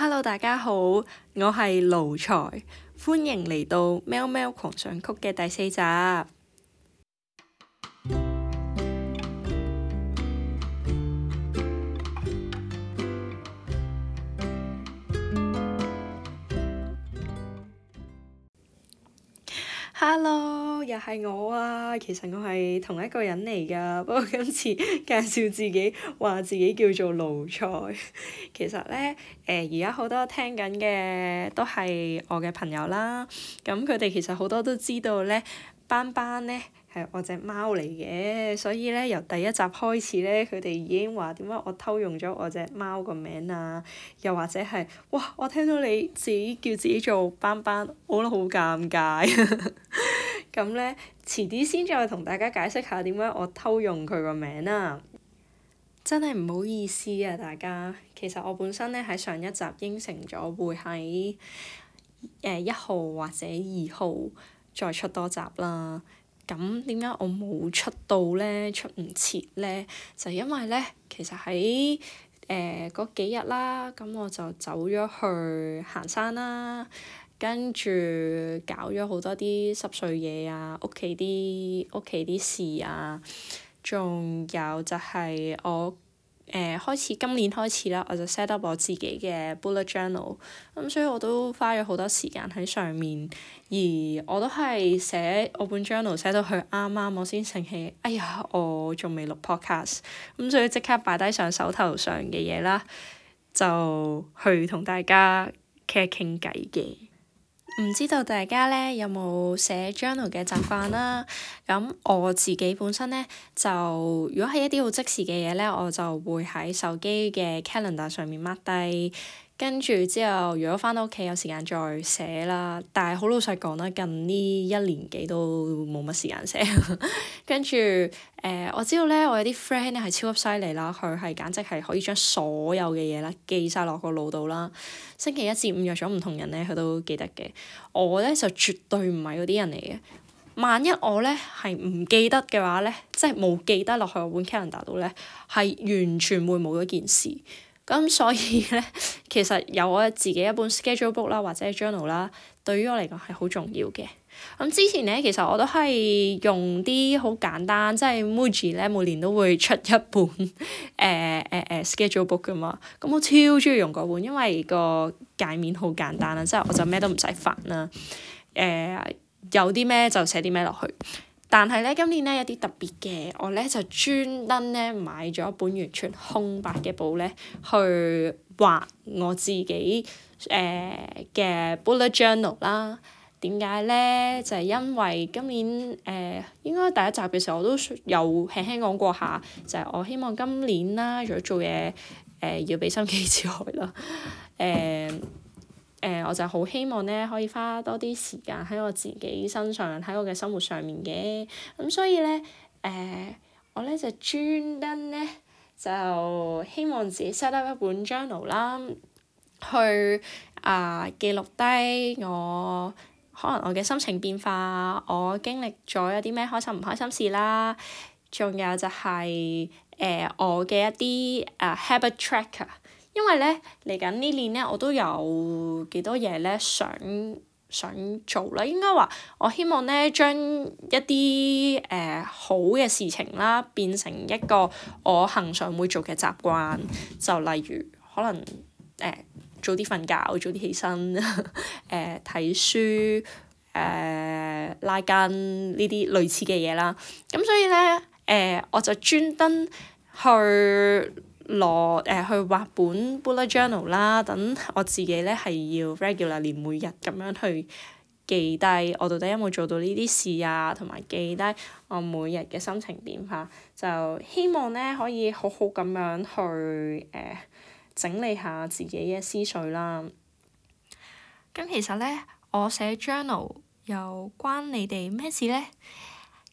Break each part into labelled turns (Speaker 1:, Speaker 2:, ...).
Speaker 1: Hello，大家好，我係奴才，歡迎嚟到《喵喵狂想曲》嘅第四集。hello，又係我啊！其實我係同一個人嚟㗎，不過今次介紹自己話自己叫做奴才。其實咧，誒而家好多聽緊嘅都係我嘅朋友啦。咁佢哋其實好多都知道咧，班班咧。係我隻貓嚟嘅，所以咧由第一集開始咧，佢哋已經話點解我偷用咗我隻貓個名啊？又或者係，哇！我聽到你自己叫自己做斑斑，我都好尷尬。咁 咧、嗯，遲啲先再同大家解釋下點解我偷用佢個名啊！真係唔好意思啊，大家。其實我本身咧喺上一集應承咗會喺誒一號或者二號再出多集啦。咁點解我冇出到咧？出唔切咧？就因為咧，其實喺誒嗰幾日啦，咁我就走咗去行山啦，跟住搞咗好多啲濕碎嘢啊，屋企啲屋企啲事啊，仲有就係我。誒、呃、開始今年開始啦，我就 set up 我自己嘅 bullet journal，咁、嗯、所以我都花咗好多時間喺上面，而我都係寫我本 journal 寫到去啱啱，我先醒起，哎呀，我仲未錄 podcast，咁、嗯、所以即刻擺低上手頭上嘅嘢啦，就去同大家傾傾偈嘅。唔知道大家咧有冇寫 journal 嘅習慣啦？咁我自己本身咧就，如果係一啲好即時嘅嘢咧，我就會喺手機嘅 calendar 上面 mark 低。跟住之後，如果翻到屋企有時間再寫啦，但係好老實講啦，近呢一年幾都冇乜時間寫。 跟住誒、呃，我知道咧，我有啲 friend 咧係超級犀利啦，佢係簡直係可以將所有嘅嘢咧記晒落個腦度啦。星期一至五約咗唔同人咧，佢都記得嘅。我咧就絕對唔係嗰啲人嚟嘅。萬一我咧係唔記得嘅話咧，即係冇記得落去我本 calendar 度咧，係完全會冇嗰件事。咁所以咧，其實有我自己一本 schedule book 啦，或者 journal 啦，對於我嚟講係好重要嘅。咁之前咧，其實我都係用啲好簡單，即係 Muji 咧，每年都會出一本誒誒誒 schedule book 噶嘛。咁我超中意用嗰本，因為個界面好簡單啦，即係我就咩都唔使煩啦。誒、呃，有啲咩就寫啲咩落去。但係咧，今年咧有啲特別嘅，我咧就專登咧買咗一本完全空白嘅簿咧，去畫我自己誒嘅、呃、bullet journal 啦。點解咧？就係、是、因為今年誒、呃、應該第一集嘅時候我都有輕輕講過下，就係、是、我希望今年如果、呃、啦，除咗做嘢誒要俾心機之外啦，誒。誒、呃、我就好希望咧，可以花多啲時間喺我自己身上，喺我嘅生活上面嘅。咁、嗯、所以咧，誒、呃、我咧就專登咧，就希望自己 set up 一本 journal 啦，去、呃、啊記錄低我可能我嘅心情變化，我經歷咗有啲咩開心唔開心事啦，仲有就係、是、誒、呃、我嘅一啲啊 habit tracker。呃 Hab 因為咧嚟緊呢年咧，我都有幾多嘢咧想想做啦。應該話我希望咧將一啲誒、呃、好嘅事情啦，變成一個我恆常會做嘅習慣。就例如可能誒、呃、早啲瞓覺、早啲起身、誒睇、呃、書、誒、呃、拉筋呢啲類似嘅嘢啦。咁所以咧誒、呃，我就專登去，攞誒去畫本 bullet journal 啦，等我自己咧係要 regularly 每日咁樣去記低我到底有冇做到呢啲事啊，同埋記低我每日嘅心情變化，就希望咧可以好好咁樣去誒、呃、整理下自己嘅思緒啦。咁其實咧，我寫 journal 又關你哋咩事咧？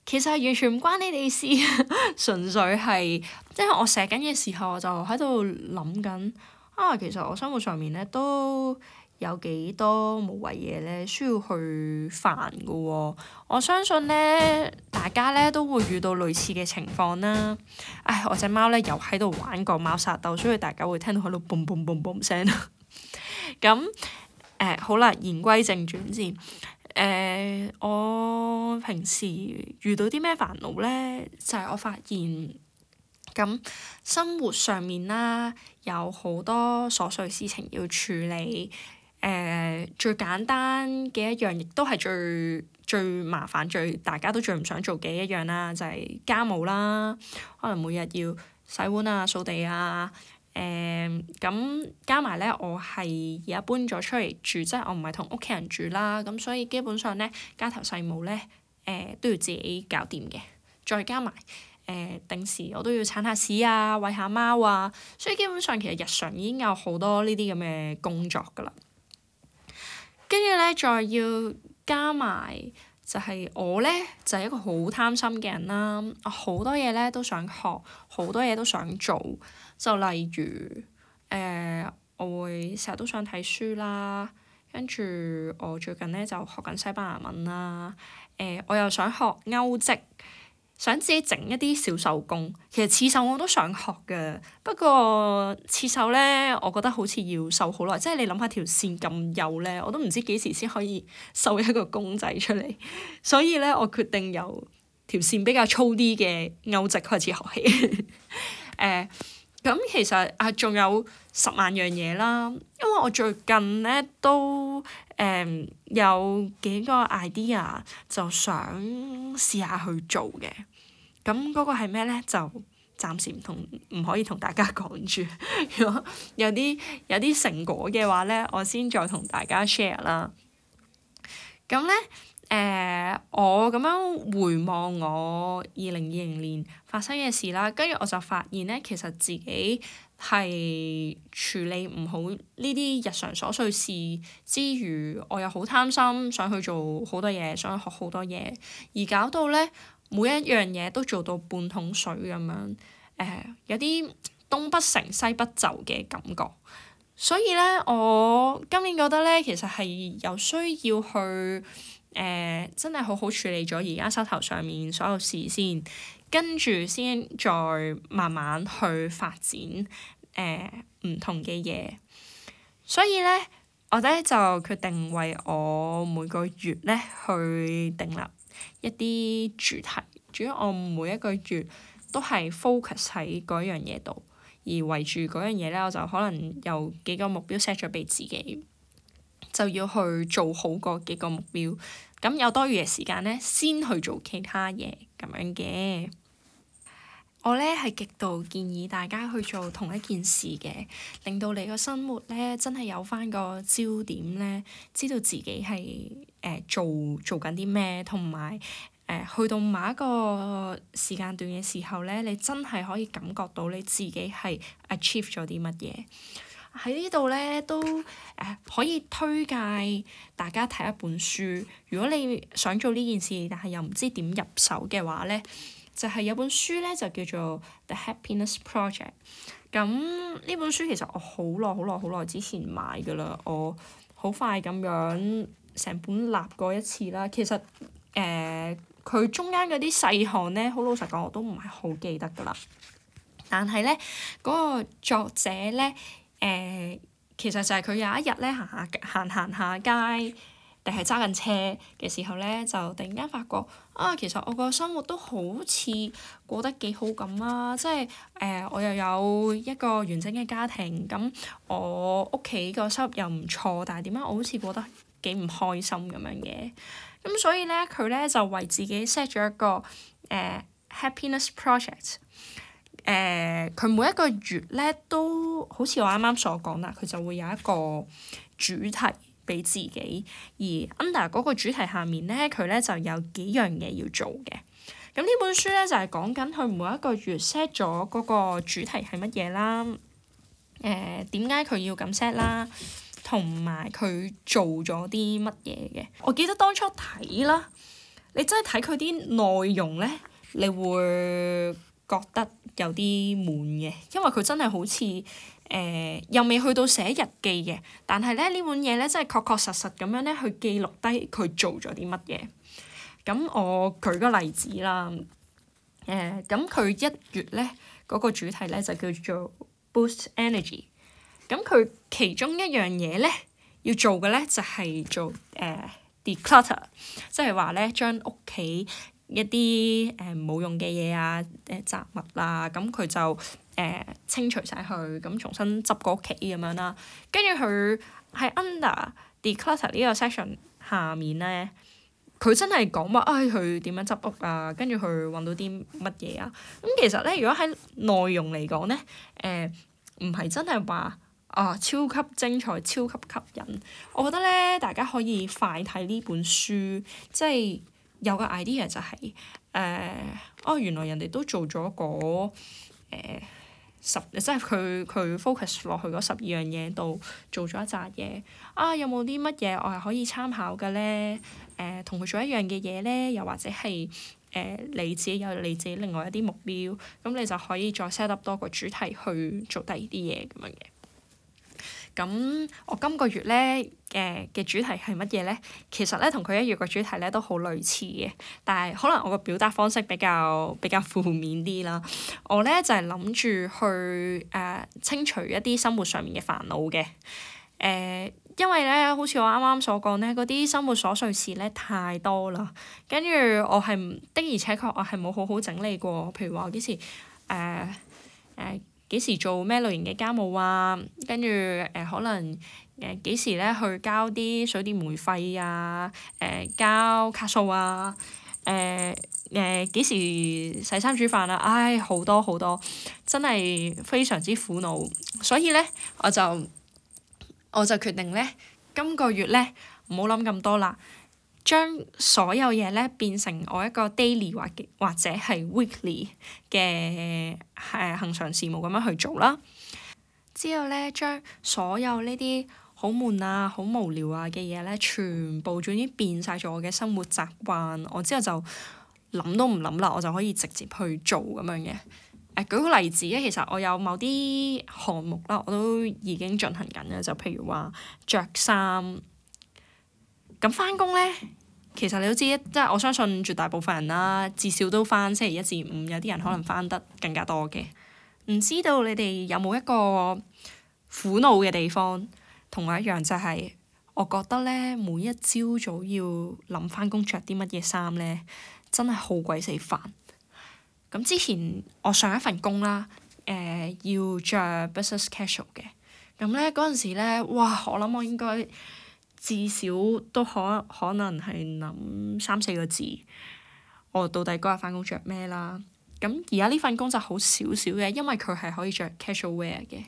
Speaker 1: 其實係完全唔關你哋事， 純粹係。即係我寫緊嘅時候，我就喺度諗緊啊！其實我生活上面咧都有幾多無謂嘢咧，需要去煩㗎喎、哦。我相信咧，大家咧都會遇到類似嘅情況啦。唉、哎，我隻貓咧又喺度玩個貓殺鬥，所以大家會聽到喺度嘣嘣嘣嘣聲。咁 誒、呃、好啦，言歸正傳先。誒、呃，我平時遇到啲咩煩惱咧，就係、是、我發現。咁生活上面啦，有好多瑣碎事情要處理。誒、呃，最簡單嘅一樣，亦都係最最麻煩、最大家都最唔想做嘅一樣啦，就係、是、家務啦。可能每日要洗碗啊、掃地啊。誒、呃，咁加埋咧，我係而家搬咗出嚟住，即係我唔係同屋企人住啦。咁所以基本上咧，家頭細務咧，誒、呃、都要自己搞掂嘅。再加埋。呃、定時我都要鏟下屎啊，餵下貓啊，所以基本上其實日常已經有好多呢啲咁嘅工作㗎喇。跟住咧，再要加埋就係我咧，就係、是、一個好貪心嘅人啦、啊。我好多嘢咧都想學，好多嘢都想做。就例如誒、呃，我會成日都想睇書啦。跟住我最近咧就學緊西班牙文啦。誒、呃，我又想學歐籍。想自己整一啲小手工，其實刺繡我都想學嘅，不過刺繡咧，我覺得好似要繡好耐，即係你諗下條線咁幼咧，我都唔知幾時先可以繡一個公仔出嚟，所以咧我決定由條線比較粗啲嘅鈎織開始學起，誒、 呃，咁其實啊仲有十萬樣嘢啦，因為我最近咧都～誒、um, 有幾個 idea 就想試下去做嘅，咁嗰、嗰個係咩咧？就暫時唔同唔可以同大家講住， 如果有啲有啲成果嘅話咧，我先再同大家 share 啦。咁咧，誒、uh, 我咁樣回望我二零二零年發生嘅事啦，跟住我就發現咧，其實自己係處理唔好呢啲日常瑣碎事之餘，我又好貪心，想去做好多嘢，想去學好多嘢，而搞到咧每一樣嘢都做到半桶水咁樣，誒、呃、有啲東不成西不就嘅感覺，所以咧我今年覺得咧其實係有需要去誒、呃、真係好好處理咗而家手頭上面所有事先。跟住先再慢慢去發展，誒、唔同嘅嘢，所以咧，我咧就決定為我每個月咧去訂立一啲主題，主要我每一個月都係 focus 喺嗰樣嘢度，而圍住嗰樣嘢咧，我就可能有幾個目標 set 咗俾自己，就要去做好嗰幾個目標，咁有多餘嘅時間咧，先去做其他嘢咁樣嘅。我咧係極度建議大家去做同一件事嘅，令到你個生活咧真係有返個焦點咧，知道自己係誒、呃、做做緊啲咩，同埋誒去到某一個時間段嘅時候咧，你真係可以感覺到你自己係 achieve 咗啲乜嘢。喺呢度咧都誒、呃、可以推介大家睇一本書。如果你想做呢件事，但係又唔知點入手嘅話咧。就係有本書咧，就叫做《The Happiness Project》。咁呢本書其實我好耐、好耐、好耐之前買㗎啦，我好快咁樣成本立過一次啦。其實誒，佢、呃、中間嗰啲細項咧，好老實講我都唔係好記得㗎啦。但係咧，嗰、嗰個作者咧，誒、呃，其實就係佢有一日咧行下行行下街。定係揸緊車嘅時候咧，就突然間發覺啊，其實我個生活都好似過得幾好咁啊！即係誒、呃，我又有一個完整嘅家庭，咁我屋企個收入又唔錯，但係點解我好似過得幾唔開心咁樣嘅？咁所以咧，佢咧就為自己 set 咗一個誒、呃、happiness project。誒、呃，佢每一個月咧都好似我啱啱所講啦，佢就會有一個主題。俾自己，而 Under 嗰個主題下面呢，佢呢就有幾樣嘢要做嘅。咁呢本書呢，就係講緊佢每一個月 set 咗嗰個主題係乜嘢啦。誒、呃，點解佢要咁 set 啦？同埋佢做咗啲乜嘢嘅？我記得當初睇啦，你真係睇佢啲內容呢，你會覺得有啲悶嘅，因為佢真係好似誒、呃、又未去到寫日記嘅，但係咧呢本嘢咧真係確確實實咁樣咧去記錄低佢做咗啲乜嘢。咁我舉個例子啦。誒、呃，咁佢一月咧嗰、嗰個主題咧就叫做 Boost Energy。咁佢其中一樣嘢咧要做嘅咧就係、係、做誒、呃、declutter，即係話咧將屋企。一啲誒冇用嘅嘢啊，誒、呃、雜物啊，咁佢就誒、呃、清除晒佢，咁重新執個屋企咁樣啦、啊。跟住佢喺 under declutter 呢個 section 下面咧，佢真係講乜？誒佢點樣執屋啊？跟住佢搵到啲乜嘢啊？咁、嗯、其實咧，如果喺內容嚟講咧，誒唔係真係話啊超級精彩、超級吸引。我覺得咧，大家可以快睇呢本書，即係。有個 idea 就係、是、誒、呃、哦，原來人哋都做咗個、呃、十，即係佢佢 focus 落去嗰十二樣嘢度做咗一紮嘢啊！有冇啲乜嘢我係可以參考嘅咧？誒、呃，同佢做一樣嘅嘢咧，又或者係誒、呃、你自己有你自己另外一啲目標，咁你就可以再 set up 多個主題去做第二啲嘢咁樣嘅。咁我今個月咧，誒、呃、嘅主題係乜嘢咧？其實咧，同佢一月嘅主題咧都好類似嘅，但係可能我嘅表達方式比較比較負面啲啦。我咧就係諗住去誒、呃、清除一啲生活上面嘅煩惱嘅。誒、呃，因為咧，好似我啱啱所講咧，嗰啲生活瑣碎事咧太多啦，跟住我係唔的而且確我係冇好好整理過，譬如話幾時誒誒。呃呃幾時做咩類型嘅家務啊？跟住誒、呃、可能誒幾、呃、時咧去交啲水電煤費啊？誒、呃、交卡數啊？誒誒幾時洗衫煮飯啊？唉，好多好多，真係非常之苦惱。所以咧，我就我就決定咧，今個月咧唔好諗咁多啦。將所有嘢咧變成我一個 daily 或，或者係 weekly 嘅誒恒常事務咁樣去做啦。之後咧將所有呢啲好悶啊、好無聊啊嘅嘢咧，全部總之變晒咗我嘅生活習慣。我之後就諗都唔諗啦，我就可以直接去做咁樣嘅。誒，舉個例子咧，其實我有某啲項目啦，我都已經進行緊嘅，就譬如話着衫。咁翻工咧，其實你都知，即係我相信絕大部分人啦，至少都翻星期一至五，有啲人可能翻得更加多嘅。唔知道你哋有冇一個苦惱嘅地方，同我一樣就係、是，我覺得咧每一朝早要諗翻工着啲乜嘢衫咧，真係好鬼死煩。咁之前我上一份工啦，誒、呃、要着 business casual 嘅，咁咧嗰陣時咧，哇！我諗我應該～至少都可可能係諗三四個字，我到底嗰日返工着咩啦？咁而家呢份工作就好少少嘅，因為佢係可以着 casual wear 嘅。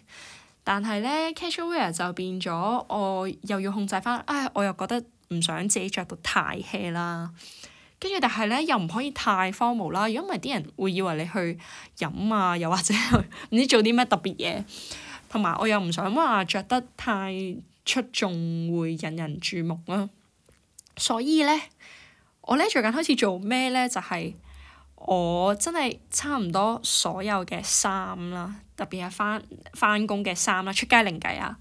Speaker 1: 但係呢 casual wear 就變咗我又要控制翻，唉，我又覺得唔想自己着到太 hea 啦。跟住，但係呢，又唔可以太 formal 啦，如果唔係啲人會以為你去飲啊，又或者去唔知做啲咩特別嘢。同埋我又唔想話着、啊、得太出眾，會引人，人注目啦。所以咧，我咧最近開始做咩咧？就係、是、我真係差唔多所有嘅衫啦，特別係返返工嘅衫啦，出街另計啊。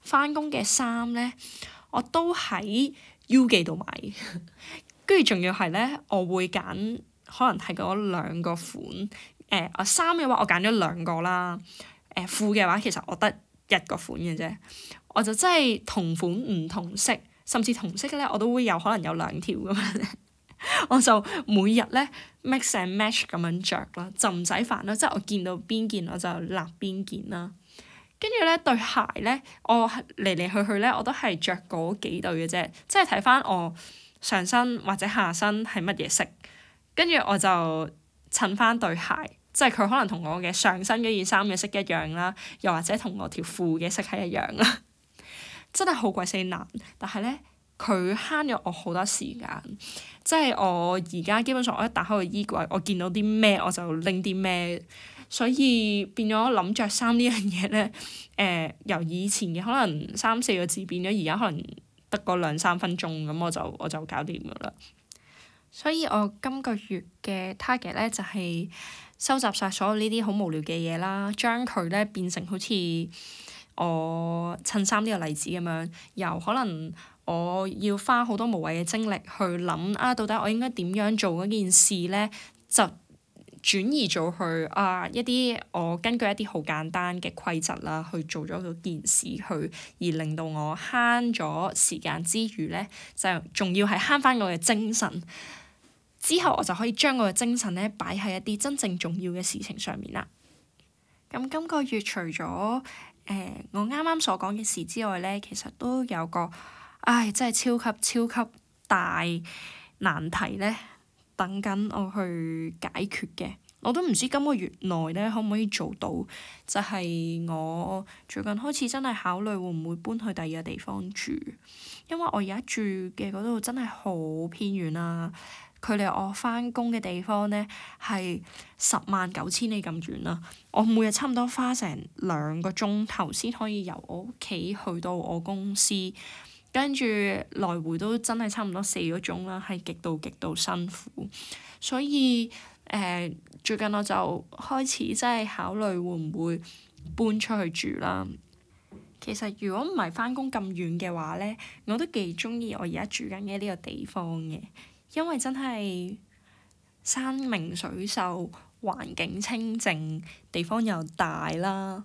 Speaker 1: 返工嘅衫咧，我都喺 U 記度買。跟住仲要係咧，我會揀可能係嗰兩個款。誒啊衫嘅話，我揀咗兩個啦。誒、呃、褲嘅話，其實我得一個款嘅啫，我就真係同款唔同色，甚至同色咧，我都會有可能有兩條咁樣。 我就每日咧 mix and match 咁樣着咯，就唔使煩咯，即、就、係、是、我見到邊件我就立邊件啦。跟住咧對鞋咧，我嚟嚟去去咧我都係着嗰幾對嘅啫，即係睇翻我上身或者下身係乜嘢色，跟住我就襯翻對鞋，即係佢可能同我嘅上身嗰件衫嘅色一樣啦，又或者同我條褲嘅色係一樣啦， 真係好鬼死難。但係咧，佢慳咗我好多時間。即係我而家基本上，我一打開個衣櫃，我見到啲咩我就拎啲咩，所以變咗諗着衫呢樣嘢咧，誒、呃、由以前嘅可能三四個字變咗而家可能得個兩三分鐘咁，我就我就搞掂㗎啦。所以我今個月嘅 target 咧就係、是。收集晒所有呢啲好無聊嘅嘢啦，將佢咧變成好似我襯衫呢個例子咁樣，由可能我要花好多無謂嘅精力去諗啊，到底我應該點樣做嗰件事咧，就轉移咗去啊一啲我根據一啲好簡單嘅規則啦去做咗嗰件事去，而令到我慳咗時間之餘咧，就仲要係慳翻我嘅精神。之後我就可以將我嘅精神咧擺喺一啲真正重要嘅事情上面啦。咁今個月除咗誒、呃、我啱啱所講嘅事之外咧，其實都有個唉真係超級超級大難題咧，等緊我去解決嘅。我都唔知今個月內咧可唔可以做到，就係、是、我最近開始真係考慮會唔會搬去第二個地方住，因為我而家住嘅嗰度真係好偏遠啦、啊。距離我翻工嘅地方呢係十萬九千里咁遠啦。我每日差唔多花成兩個鐘頭先可以由我屋企去到我公司，跟住來回都真係差唔多四個鐘啦，係極度極度辛苦。所以誒、呃，最近我就開始真係考慮會唔會搬出去住啦。其實如果唔係翻工咁遠嘅話呢，我都幾中意我而家住緊嘅呢個地方嘅。因為真係山明水秀，環境清靜，地方又大啦，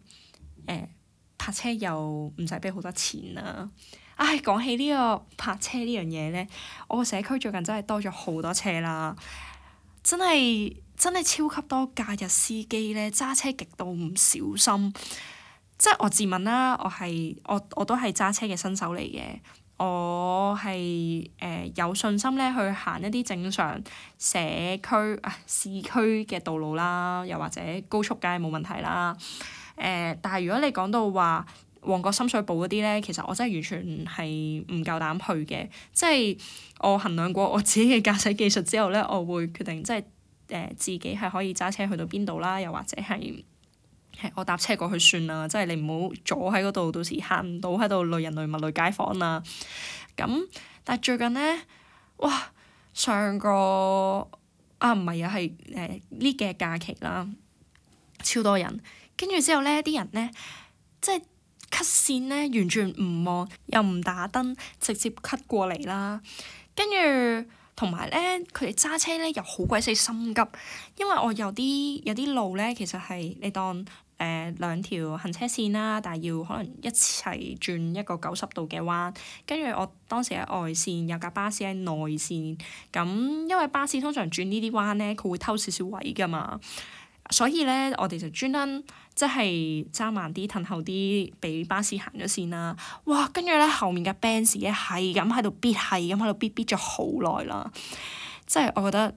Speaker 1: 誒、呃，泊車又唔使俾好多錢啦、啊。唉、哎，講起呢個泊車呢樣嘢呢，我個社區最近真係多咗好多車啦，真係真係超級多假日司機呢，揸車極度唔小心，即係我自問啦，我係我我都係揸車嘅新手嚟嘅。我係誒、呃、有信心咧去行一啲正常社區啊市區嘅道路啦，又或者高速梗係冇問題啦。誒、呃，但係如果你講到話旺角深水埗嗰啲咧，其實我真係完全係唔夠膽去嘅。即係我衡量過我自己嘅駕駛技術之後咧，我會決定即係誒自己係可以揸車去到邊度啦，又或者係。我搭車過去算啦，即係你唔好阻喺嗰度，到時行唔到喺度累人累物累街坊啦。咁，但係最近呢，哇，上個啊唔係啊，係誒呢幾日假期啦，超多人，跟住之後呢啲人呢，即係切線呢，完全唔望，又唔打燈，直接切過嚟啦。跟住同埋呢，佢哋揸車呢又好鬼死心急，因為我有啲有啲路呢，其實係你當。誒兩條行車線啦，但係要可能一齊轉一個九十度嘅彎，跟住我當時喺外線，有架巴士喺內線，咁因為巴士通常轉呢啲彎咧，佢會偷少少位噶嘛，所以咧我哋就專登即係揸慢啲、褪後啲俾巴士行咗先啦。哇！跟住咧後面嘅 band 士咧係咁喺度逼，係咁喺度逼逼咗好耐啦，即係我覺得。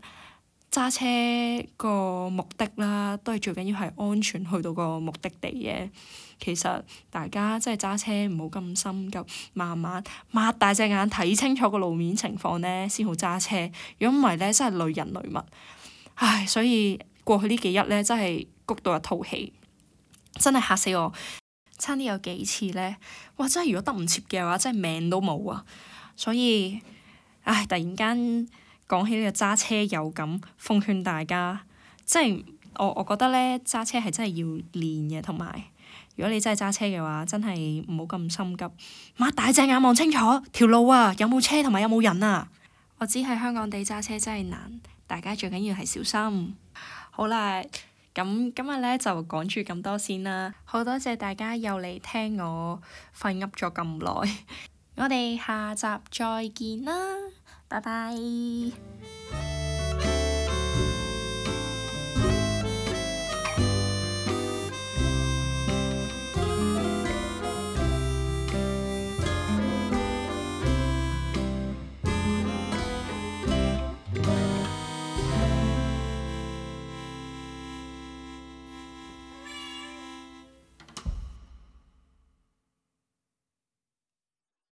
Speaker 1: 揸車個目的啦，都係最緊要係安全去到個目的地嘅。其實大家真係揸車唔好咁心急，慢慢擘大隻眼睇清楚個路面情況呢，先好揸車。如果唔係呢，真係累人累物。唉，所以過去呢幾日呢，真係谷到一肚氣，真係嚇死我，差啲有幾次呢，哇！真係如果得唔切嘅話，真係命都冇啊。所以唉，突然間～講起呢個揸車又咁，奉勸大家，即係我我覺得呢揸車係真係要練嘅，同埋如果你真係揸車嘅話，真係唔好咁心急。擘大隻眼望清楚條路啊，有冇車同埋有冇人啊。我知喺香港地揸車真係難，大家最緊要係小心。好啦，咁今日呢就講住咁多先啦。好多謝大家又嚟聽我廢噏咗咁耐， 我哋下集再見啦～拜拜。